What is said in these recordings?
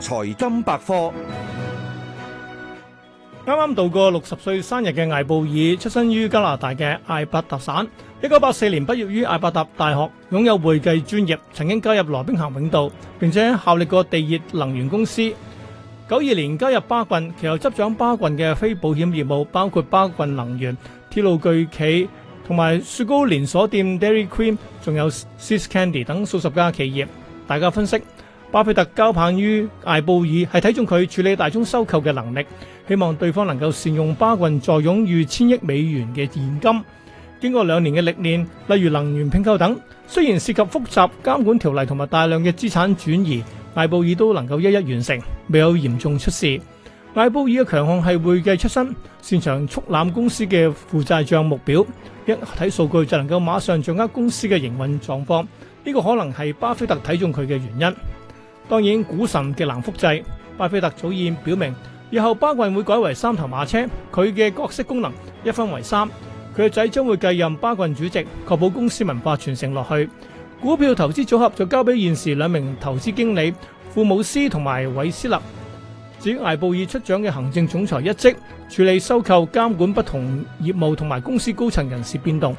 財金百科，啱啱度過六十歲生日嘅艾布爾，出身於加拿大嘅艾伯達省，一九八四年畢業於艾伯達大學，擁有會計專業，曾經加入羅兵咸永道，並且效力過地熱能源公司。九二年加入巴郡，其後執掌巴郡嘅非保險業務，包括巴郡能源、鐵路巨企同埋雪糕連鎖店 Dairy Cream 仲有 See's Candy 等數十家企業。大家分析。巴菲特交棒於艾布爾係睇中佢處理大宗收購嘅能力，希望對方能夠善用巴郡坐擁逾千億美元嘅現金。經過兩年嘅歷練，例如能源併購等，雖然涉及複雜監管條例同埋大量嘅資產轉移，艾布爾都能夠一一完成，未有嚴重出事。艾布爾嘅強項係會計出身，擅長速覽公司嘅負債帳目表，一睇數據就能夠馬上掌握公司嘅營運狀況。呢個可能係巴菲特睇中佢嘅原因。當然，股神極難複製。巴菲特早已表明，以後巴郡會改為三頭馬車，佢嘅角色功能一分為三。佢嘅仔將會繼任巴郡主席，確保公司文化傳承落去。股票投資組合就交俾現時兩名投資經理，庫姆斯同埋韋斯勒。至於艾布爾出掌嘅行政總裁一職，處理收購監管不同業務同埋公司高層人事變動。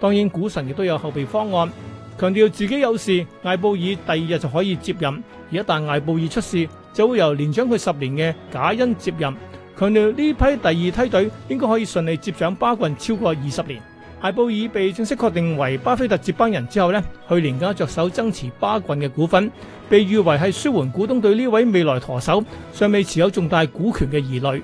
當然，股神亦都有後備方案。強調自己有事，艾布爾第二日就可以接任；而一旦艾布爾出事，就會由年長佢十年嘅賈恩接任。強調呢批第二梯隊應該可以順利接掌巴郡超過二十年。艾布爾被正式確定為巴菲特接班人之後呢，去年已着手增持巴郡嘅股份，被譽為係舒緩股東對呢位未來舵手尚未持有重大股權嘅疑慮。